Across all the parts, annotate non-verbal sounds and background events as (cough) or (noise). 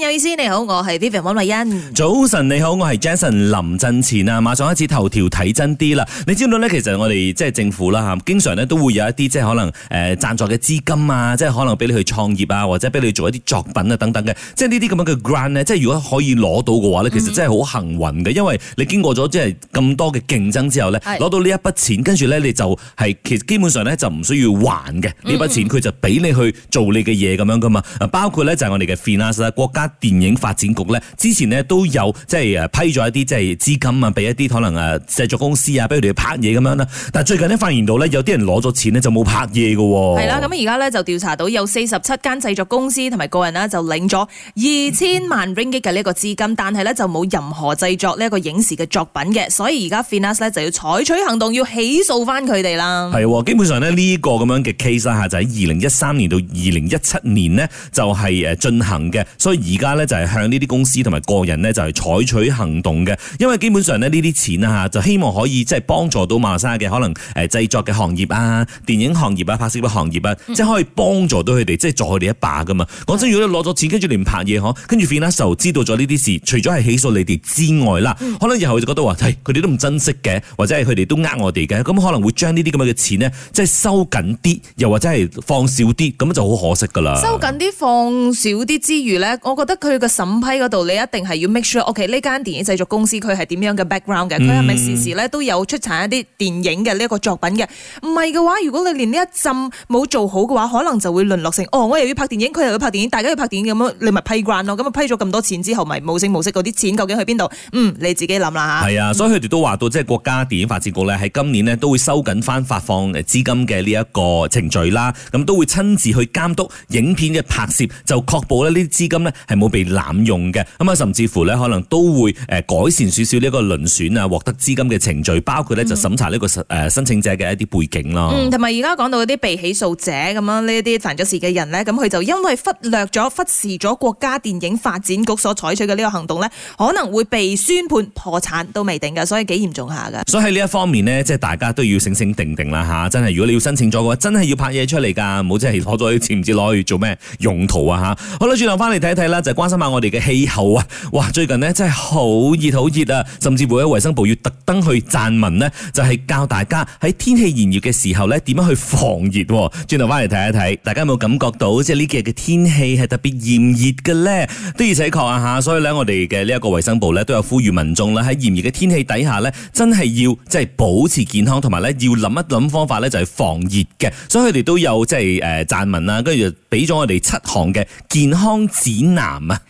有意思，你好，我係 Vivian 溫麗欣。早晨，你好，我係 Jason 林振前啊！馬上開始頭條睇真啲啦。你知唔知道咧？其實我哋即係政府啦，吓，經常咧都會有一啲即係可能誒贊助嘅資金啊，即係可能俾你去創業啊，或者俾你做一啲作品啊等等嘅。即係呢啲咁樣嘅 grant 呢，即係如果可以攞到嘅話咧，其實真係好幸運嘅，因為你經過咗即係咁多嘅競爭之後咧，攞是到呢一筆錢，跟住咧你就係、是、其實基本上咧就唔需要還嘅呢筆錢，佢就俾你去做你嘅嘢咁樣噶嘛。包括咧就係我哋嘅 finance 國家。電影發展局咧，之前咧都有即係誒批咗一啲即係資金啊，俾一啲可能誒製作公司啊，俾佢哋拍嘢咁樣啦。但係最近咧發現到咧，有啲人攞咗錢咧就冇拍嘢嘅喎。係啦，咁而家咧就調查到有四十七間製作公司同埋個人啦，就領咗二千萬 ringgit 嘅呢個資金， (laughs) 但係咧就冇任何製作呢一個影視嘅作品嘅，所以而家 FINAS 就要採取行動，要起訴翻佢哋啦。係基本上咧呢個咁樣嘅 case 啊，就喺二零一三年到二零一七年呢就係，誒進行嘅，所以而家咧就係向呢啲公司同埋個人咧就係採取行動嘅，因為基本上咧呢啲錢啊吓，就希望可以即係幫助到馬來西亞嘅可能誒製作嘅行業啊、電影行業啊、拍攝嘅行業啊，即係可以幫助到佢哋，即係助佢哋一把噶嘛。講真，如果你攞咗錢跟住你唔拍嘢嗬，跟住 FINAS 知道咗呢啲事，除咗係起訴你哋之外啦，可能以後就覺得話，佢哋都唔珍惜嘅，或者係佢哋都呃我哋嘅，咁可能會將呢啲咁嘅錢呢，即係收緊啲，又或者係放少啲，咁就好可惜噶啦。收緊啲放少啲之餘呢，我覺。覺得佢個審批嗰度，你一定係要 make sure OK 呢間電影製作公司佢係點樣嘅 background 嘅？佢係咪時時咧都有出產一啲電影嘅呢一個作品嘅？唔係嘅話，如果你連呢一浸冇做好嘅話，可能就會淪落成哦，我又要拍電影，佢又要拍電影，大家要拍電影咁樣你，你咪批慣咯。咁啊批咗咁多錢之後，咪無聲無息嗰啲錢究竟去邊度？嗯，你自己諗啦嚇。係啊，嗯，所以佢哋都話到即係國家電影發展局咧，喺今年咧都會收緊翻發放資金嘅呢一個程序啦，咁都會親自去監督影片嘅拍攝，就確保呢啲資金呢。係。冇被濫用嘅咁啊，甚至乎咧，可能都會誒改善少少呢一個輪選啊，獲得資金嘅程序，包括咧就審查呢個誒申請者嘅一啲背景咯。嗯，同埋而家講到嗰啲被起訴者咁樣呢一啲犯咗事嘅人咧，咁佢就因為忽略咗、忽視咗國家電影發展局所採取嘅呢個行動咧，可能會被宣判破產都未定嘅，所以幾嚴重下嘅。所以喺呢一方面呢，即係大家都要醒醒定定啦嚇。真係如果你要申請咗嘅話，真係要拍嘢出嚟噶，唔好真即係攞咗啲錢唔知攞去做咩用途啊嚇。好啦，轉頭翻嚟睇一睇啦。就係關心下我哋嘅氣候啊！哇，最近咧真係好熱好熱啊！甚至乎喺衛生部要特登去撰文咧，就係、是、教大家喺天氣炎熱嘅時候咧點樣去防熱。啊，轉頭翻嚟睇一睇，大家有冇感覺到即係呢幾日嘅天氣係特別炎熱嘅咧？的而且確啊吓，所以咧，我哋嘅呢一個衛生部咧都有呼籲民眾啦，喺炎熱嘅天氣底下咧，真係要即係保持健康，同埋咧要諗一諗方法，咧就係防熱嘅。所以佢哋都有即係誒撰文啊，跟住俾咗我哋七項嘅健康指南。男啊！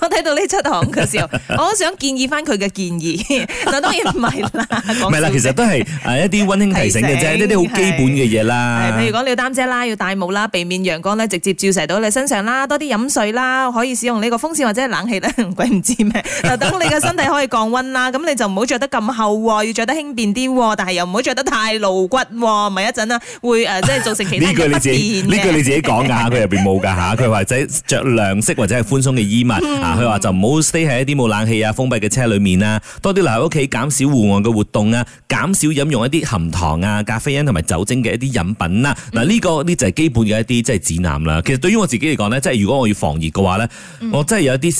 我睇到你出行嘅時候，我想建議返佢嘅建議，嗱，當然唔係啦，唔係啦，其實都係誒一啲溫馨提醒嘅啫，呢啲好基本嘅嘢啦。譬如講你要擔遮啦，要戴帽啦，避免陽光咧直接照射到你身上啦，多啲飲水啦，可以使用呢個風扇或者冷氣啦，鬼唔知咩？就等你嘅身體可以降溫啦，咁你就唔好着得咁厚喎，要着得輕便啲喎，但係又唔好着得太露骨喎，咪一陣啊會誒即係造成其呢句你自己呢句你自己講噶吓，佢入邊冇噶吓，佢話即係着亮色或者係。寬鬆嘅衣物啊，佢話就唔好 stay 喺一啲冇冷氣啊、封閉嘅車裏面啊，多啲留喺屋企，減少戶外嘅活動啊，減少飲用一啲含糖啊、咖啡因同埋酒精嘅一啲飲品啦。嗱，呢個呢就係基本嘅一啲即係指南啦。其實對於我自己嚟講咧，即係如果我要防熱嘅話咧，我真係有一啲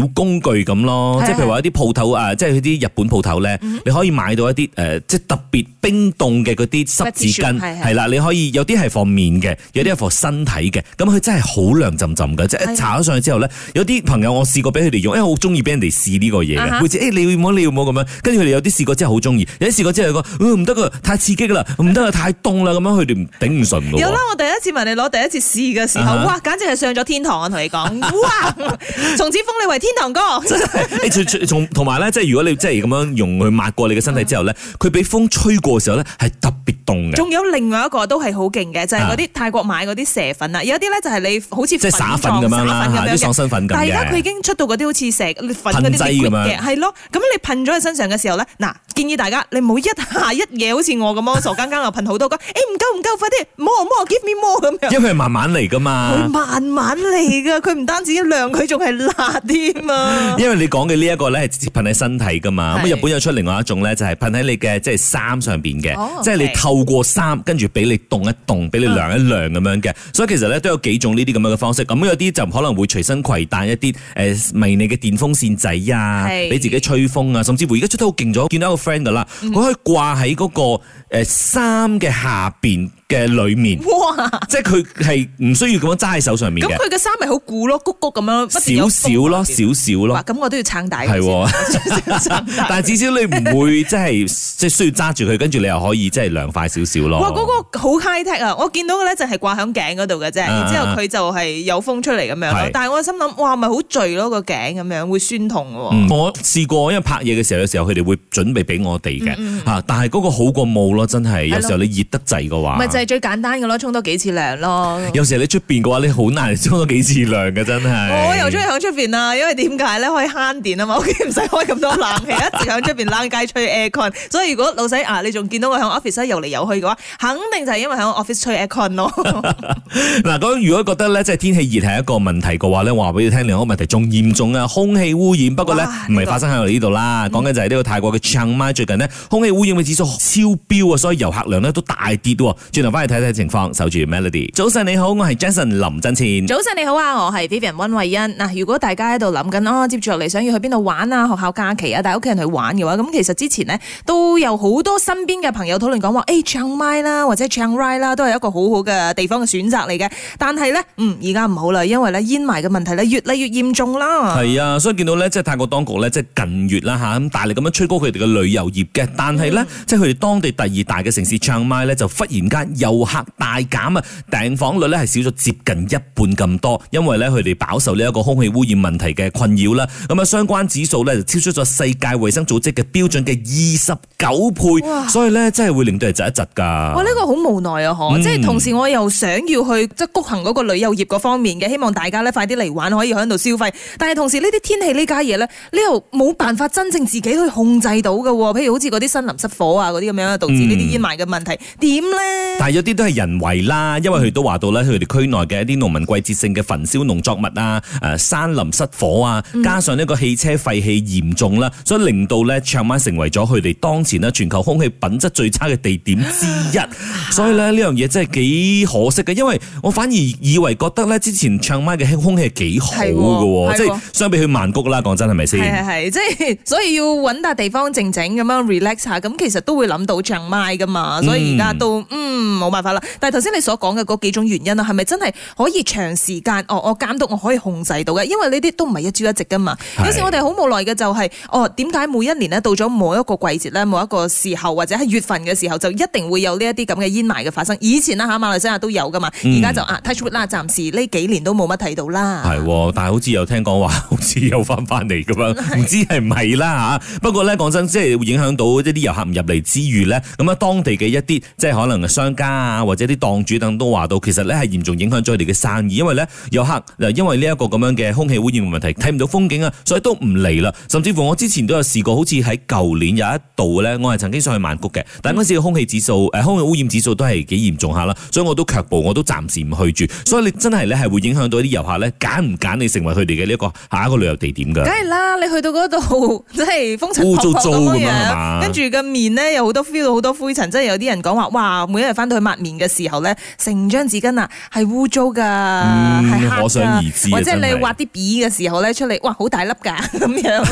小工具咁咯。即係譬如話一啲鋪頭啊，即係佢啲日本鋪頭咧，你可以買到一啲誒，即係特別冰凍嘅嗰啲濕紙巾，係啦，你可以有啲係放面嘅，有啲係放身體嘅，咁佢真係好涼浸浸嘅，即係搽咗上去之後咧。有啲朋友我試過俾佢哋用，因為我好中意俾人哋試呢個嘢，每次誒你要摸你要摸咁樣，跟住佢哋有啲試過真係好中意，有啲試過真係講唔得㗎，太刺激啦，唔得㗎，太凍啦，咁樣佢哋頂唔順。Huh. 不順有啦，我第一次問你攞第一次試嘅時候，哇，簡直係上咗天堂我同你講，哇，從 (laughs) 此封你為天堂哥。同埋咧，即係如果你即係咁樣用佢抹過你嘅身體之後咧，佢俾、uh huh. 風吹過嘅時候咧，係特別。仲有另外一個都係好勁嘅，就係嗰啲泰國買嗰啲蛇粉啦，啊、有一啲咧就係你好似即係撒粉咁樣啦嚇，啲防身粉咁嘅。但係而家佢已經出到嗰啲好似蛇粉嗰啲嘅，係咯，咁你噴咗喺身上嘅時候咧，嗱。建議大家你唔好一下一夜好似我咁樣傻更更又噴好多㗎，誒唔、 (laughs) 欸、夠唔夠，快啲摸啊摸 give me more 咁樣。因為慢慢嚟噶嘛。佢慢慢嚟㗎，佢唔 (laughs) 單止涼，佢仲係辣添啊。 (laughs) 因為你講嘅呢一個咧係直接噴喺身體㗎嘛，咁是日本有出另外一種咧就係、是、噴喺你嘅、哦、即係衫上邊嘅，即係你透過衫跟住俾你凍一凍，俾你涼一涼咁樣嘅。嗯、所以其實咧都有幾種呢啲咁樣嘅方式。咁有啲就可能會隨身攜帶一啲誒迷你嘅電風扇仔啊，俾是是自己吹風啊，甚至乎而家出得好勁咗，見到一個 friend 啦，佢可以掛喺嗰個誒衫嘅下邊。嘅裏面，即係佢係唔需要咁樣揸喺手上面嘅。咁佢嘅衫咪好鼓咯，谷谷咁樣，少少咯，少少咯。咁我都要撐大，但係至少你唔會即係即係需要揸住佢，跟住你又可以即係涼快少少咯。哇！嗰個好 high tech 啊！我見到嘅咧就係掛喺頸嗰度嘅啫，然之後佢就係有風出嚟咁樣。但係我心諗，哇！咪好攰咯個頸咁樣，會酸痛嘅。嗯，我試過，因為拍嘢嘅時候有時候，佢哋會準備俾我哋嘅嚇。但係嗰個好過冇咯，真係有時候你熱得滯嘅話。係最簡單嘅咯，沖多幾次涼咯。有時你出邊嘅話，你好難沖多幾次涼嘅，真係。我又中意喺出邊啊，因為點解咧？可以慳電啊嘛，屋企唔使開咁多冷氣， (laughs) 一直喺出邊冷街吹 aircon。所以如果老細啊，你仲見到我喺 office 遊嚟遊去嘅話，肯定就係因為喺 office 吹 aircon 咯。嗱 (laughs) (laughs) 如果覺得咧，即係天氣熱係一個問題嘅話咧，話俾你聽，另一個問題仲嚴重啊，空氣污染。不過咧，唔係發生喺我哋呢度啦。講緊就係呢個泰國嘅清邁最近呢，空氣污染嘅指數超標啊，所以遊客量咧都大跌喎。返嚟睇睇情況，守住 Melody。早晨你好，我係 Jason 林振前。早晨你好啊，我係 Vivian 溫慧欣。嗱，如果大家喺度諗緊哦，接住落嚟想要去邊度玩啊？學校假期啊，帶屋企人去玩嘅話，咁其實之前呢都有好多身邊嘅朋友討論講話，誒、欸，唱 My 啦，或者唱 Ride 啦，都係一個好好嘅地方嘅選擇嚟嘅。但係呢，嗯，而家唔好啦，因為咧煙霾嘅問題咧越嚟越嚴重啦。係啊，所以見到咧，即係泰國當局咧，即係近月啦嚇，咁大力咁樣吹高佢哋嘅旅遊業嘅。但係咧，嗯、即係佢哋當地第二大嘅城市唱 My 咧，就忽然間。遊客大減啊，訂房率咧係少咗接近一半咁多，因為咧佢哋飽受呢一個空氣污染問題嘅困擾啦。咁啊，相關指數咧就超出咗世界衞生組織嘅標準嘅二十九倍，哇所以咧真係會令到人窒一窒㗎。哇！呢、呢個好無奈啊，嗬！嗯、即係同時我又想要去即係谷行嗰個旅遊業嗰方面嘅，希望大家咧快啲嚟玩，可以喺度消費。但係同時呢啲天氣呢家嘢咧，呢度冇辦法真正自己去控制到嘅喎。譬如好似嗰啲森林失火啊，嗰啲咁樣導致呢啲煙霾嘅問題，點咧、嗯？有啲都係人為啦，因為佢都話到咧，佢哋區內嘅一啲農民季節性嘅焚燒農作物啊，誒山林失火啊，加上呢個汽車廢氣嚴重啦，所以令到咧清邁成為咗佢哋當前咧全球空氣品質最差嘅地點之一。啊、所以咧呢樣嘢真係幾可惜嘅，因為我反而以為覺得咧之前清邁嘅空空氣係幾好嘅喎，的的即係相比去曼谷啦，講真係咪先？係即係所以要揾笪地方靜靜咁樣 relax 下，咁其實都會諗到清邁噶嘛，所以而家都嗯。冇辦法啦，但係頭先你所講嘅嗰幾種原因啦，係咪真係可以長時間？哦，我監督我可以控制到嘅，因為呢啲都唔係一朝一夕噶嘛。有時是我哋好無奈嘅就係、是，哦點解每一年咧到咗某一個季節咧，某一個時候或者係月份嘅時候，就一定會有呢一啲咁嘅煙霾嘅發生。以前啦嚇，馬來西亞都有噶嘛，而家、嗯、就啊 touchwood 啦，暫、嗯、時呢幾年都冇乜睇到啦。係是，但係好似又聽講話，好似又翻翻嚟咁樣，唔知係唔係啦嚇。不過咧講真，即係會影響到一啲遊客唔入嚟之餘咧，咁啊當地嘅一啲即係可能相。家啊，或者啲檔主等都話到，其實咧係嚴重影響咗佢哋嘅生意，因為咧遊客，因為呢一個咁樣嘅空氣污染問題，睇唔到風景啊，所以都唔嚟啦。甚至乎我之前都有試過，好似喺舊年有一度嘅咧，我係曾經想去曼谷嘅，但嗰時嘅空氣指數，誒空氣污染指數都係幾嚴重下啦，所以我都卻步，我都暫時唔去住。所以你真係咧係會影響到啲遊客咧，揀唔揀你成為佢哋嘅呢一個下一個旅遊地點㗎？梗係啦，你去到嗰度真係風塵污糟糟咁樣，跟住個面咧有好多 feel 到好多灰塵，即係有啲人講話，哇，每一日翻。佢抹面嘅時候咧，成張紙巾啊，係污糟噶，係黑啊，可想而知，或者你畫啲筆嘅時候咧，出嚟，哇，好大粒噶咁樣。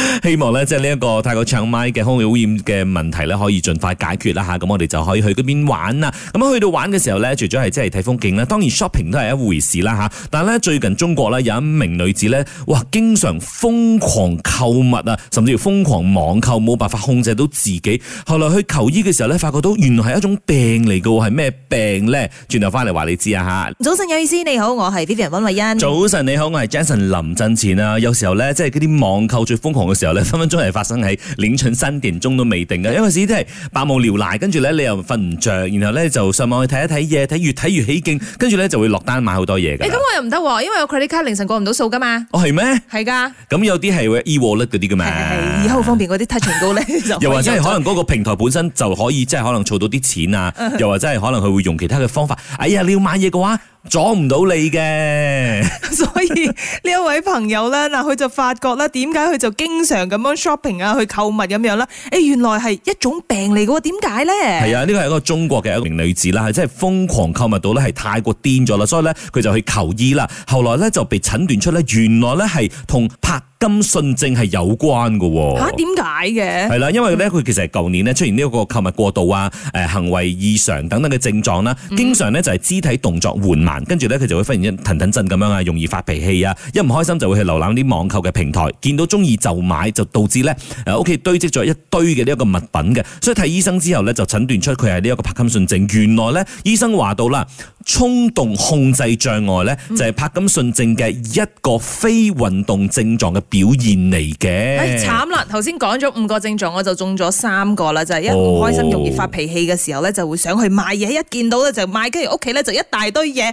(laughs) 希望咧，即係呢一個泰國唱麥嘅空氣污染嘅問題咧，可以盡快解決啦吓。咁我哋就可以去嗰邊玩啦。咁去到玩嘅時候咧，除咗係即係睇風景啦，當然 shopping 都係一回事啦吓。但係咧，最近中國咧有一名女子咧，哇，經常瘋狂購物啊，甚至乎瘋狂網購，冇辦法控制到自己。後來去求醫嘅時候咧，發覺到原來係一種病。嚟嘅喎，係咩病咧？轉頭翻嚟話你知啊嚇！早晨有意思，你好，我係 Vivian 温慧欣。早晨你好，我係 Jason 林振前啊！有時候咧，即係啲網購最瘋狂嘅時候咧，分分鐘係發生喺凌晨三點鐘都未定啊！有陣時啲係百無聊賴，跟住咧你又瞓唔着，然後咧就上網去睇一睇嘢，睇越睇越起勁，跟住咧就會落單買好多嘢㗎。誒咁、欸、我又唔得喎，因為我 credit 卡凌晨過唔到數㗎嘛。哦係咩？係㗎。咁的有啲係 eWallet 嗰啲嘅嘛。係，而家好方便嗰啲睇唇膏咧就。又或者係可能嗰個平台本身就可以即係、就是、可能儲到啲錢啊。又或者係可能佢會用其他嘅方法。哎呀，你要買嘢嘅話。阻唔到你嘅，所以呢一 (laughs) 位朋友咧，嗱，佢就發覺啦，點解佢就經常咁樣 shopping 啊，去購物咁樣啦？誒、哎，原來係一種病嚟嘅，點解咧？係啊，呢個係一個中國嘅一名女子啦，係即係瘋狂購物到咧，係太過癲咗啦，所以咧佢就去求醫啦。後來咧就被診斷出咧，原來咧係同帕金遜症係有關嘅。吓、啊，點解嘅？係啦、啊，因為咧佢其實係舊年咧出現呢一個購物過度啊、誒行為異常等等嘅症狀啦，經常咧就係肢體動作緩慢。跟住咧，佢就會忽然一騰騰震咁樣啊，容易發脾氣啊，一唔開心就會去瀏覽啲網購嘅平台，見到中意就買，就導致咧誒屋企堆積咗一堆嘅呢一個物品嘅。所以睇醫生之後咧，就診斷出佢係呢一個帕金遜症，症。原來咧，醫生話到啦，衝動控制障礙咧就係帕金遜症嘅一個非運動症狀嘅表現嚟嘅。唉，慘啦！頭先講咗五個症狀，我就中咗三個啦，就係、是、一唔開心容易發脾氣嘅時候咧，就會想去買嘢，一見到咧就買，跟住屋企咧就一大堆嘢。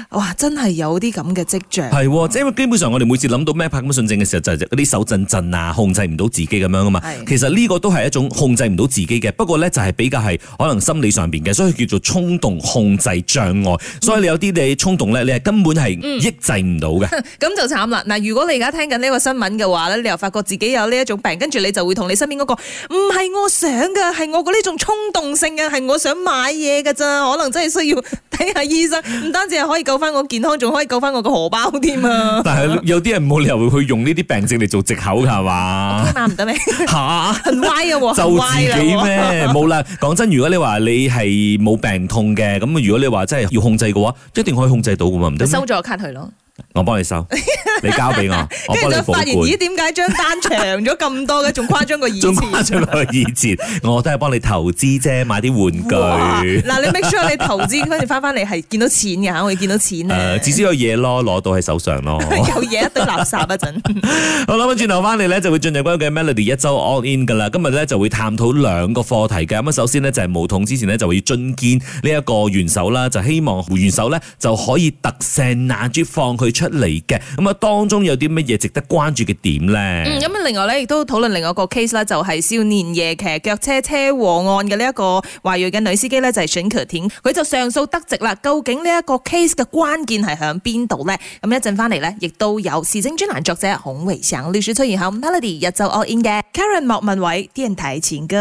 哇！真係有啲咁嘅跡象。係、哦，即係基本上我哋每次諗到咩拍咁嘅信證嘅時候，就係嗰啲手震震啊，控制唔到自己咁樣啊嘛。是的 其實呢個都係一種控制唔到自己嘅，不過呢，就係比較係可能心理上面嘅，所以叫做衝動控制障礙。所以你有啲你衝動呢，你係根本係抑制唔到嘅。咁、嗯嗯、 (laughs) 就慘啦！嗱，如果你而家聽緊呢個新聞嘅話呢，你又發覺自己有呢一種病，跟住你就會同你身邊嗰、嗰個唔係我想噶，係我嗰呢種衝動性嘅，係我想買嘢噶咋，可能真係需要睇下醫生，唔單止係可以救翻我健康仲可以救翻我個荷包添啊！但係有啲人冇理由會去用呢啲病症嚟做藉口噶係嘛？起唔得咩？吓蛤，很歪嘅喎，就自己咩？冇啦。講真，如果你話你係冇病痛嘅，咁如果你話真係要控制嘅話，一定可以控制到噶嘛？唔得。收咗卡 k i 咯。我幫你收，你交俾我，跟住 (laughs) 就發現咦？點解張單長咗咁多嘅？仲誇張過以前，誇張過以前，我都係幫你投資啫，買啲玩具。嗱，你 make sure 你投資跟住翻翻嚟係見到錢嘅吓，我要見到錢至少、呃、有嘢咯，攞到喺手上咯，有嘢 (laughs) 一堆垃圾嗰、啊、陣。好啦，咁轉頭翻嚟咧就會進入關於嘅 Melody 一周 All In 噶啦。今日咧就會探討兩個課題嘅。咁啊，首先呢，就係巫統之前呢，就會要進見呢一個元首啦，就希望元首呢，就可以特赦納吉放佢。出嚟嘅，咁啊當中有啲乜嘢值得關注嘅點咧？嗯，咁啊另外咧亦都討論另外一個 case 啦，就係少年夜騎腳車車禍案嘅呢一個華裔嘅女司機咧，就係 s u n 佢就上訴得直啦。究竟呢一個 case 嘅關鍵係喺邊度呢？咁一陣翻嚟咧，亦都有時政專欄作者孔維祥、律師出延後 Melody 日就我 l 嘅 Karen 莫文偉，啲人睇前噶。